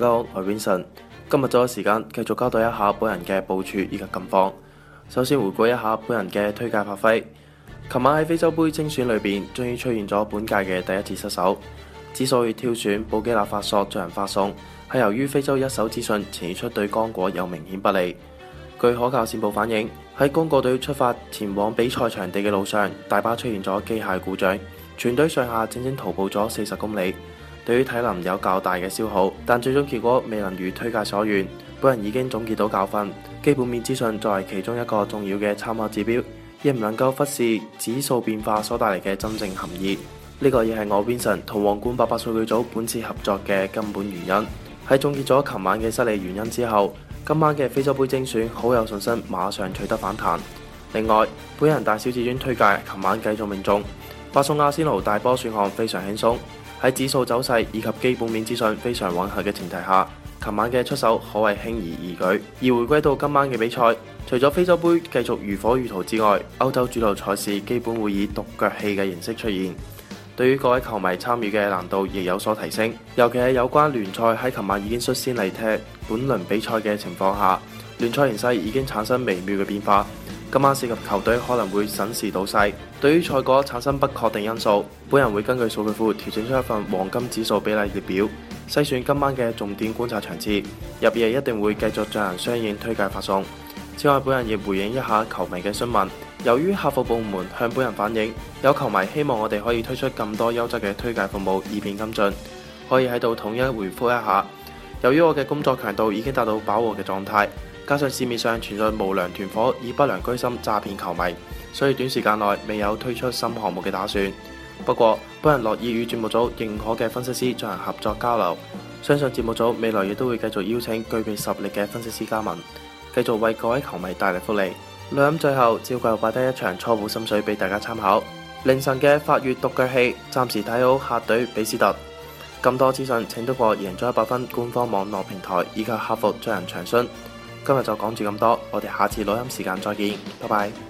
大家好，我係 Vincent，今日再有時間繼續交代一下本人嘅部署以及近況。首先回顧一下本人嘅推介發揮。琴晚喺非洲杯精選裏邊，終於出現咗本屆嘅第一次失手。之所以挑選布基納法索進行發送，係由於非洲一手資訊傳出對剛果有明顯不利。據可靠綫報反映，喺剛果隊出發前往比賽場地嘅路上，大巴出現咗機械故障，全隊上下整整徒步咗四十公里。對於體能有較大嘅消耗，但最終結果未能如推介所願。本人已經總結到教訓，基本面資訊作為其中一個重要嘅參考指標，亦唔能夠忽視指數變化所帶嚟嘅真正含義。呢個亦係我邊神同皇冠八百數據組本次合作嘅根本原因。喺總結咗琴晚嘅失利原因之後，今晚嘅非洲杯精選好有信心馬上取得反彈。另外，本人大小至尊推介琴晚繼續命中，白送阿仙奴大波選項非常輕鬆。喺指數走勢以及基本面資訊非常吻合嘅前提下，琴晚嘅出手可謂輕而易舉。而回歸到今晚嘅比賽，除咗非洲杯繼續如火如荼之外，歐洲主流賽事基本會以獨腳戲嘅形式出現，對於各位球迷參與嘅難度亦有所提升。尤其係有關聯賽喺琴晚已經率先嚟踢本輪比賽嘅情況下，聯賽形勢已經產生微妙嘅變化。今晚涉及球隊可能會審時度勢，對於賽果產生不確定因素。本人會根據數據庫調整出一份黃金指數比例列表，篩選今晚嘅重點觀察場次，入夜一定會繼續進行相應推介發送。此外，本人亦回應一下球迷嘅詢問，由於客服部門向本人反映，有球迷希望我哋可以推出更多優質嘅推介服務以便跟進，可以喺度統一回覆一下。由於我嘅工作強度已經達到飽和嘅狀態。加上市面上存在無良團夥以不良居心詐騙球迷，所以短時間內未有推出新項目嘅打算。不過本人樂意與節目組認可嘅分析師進行合作交流，相信節目組未來亦都會繼續邀請具備實力嘅分析師加盟，繼續為各位球迷帶嚟福利。兩最後照舊擺低一場初步心水俾大家參考。凌晨嘅法越獨腳戲暫時睇好客隊比斯特。咁多資訊請通過贏咗一百分官方網絡平台以及客服進行詳詢。今日就講住咁多，我哋下次錄音時間再見，拜拜。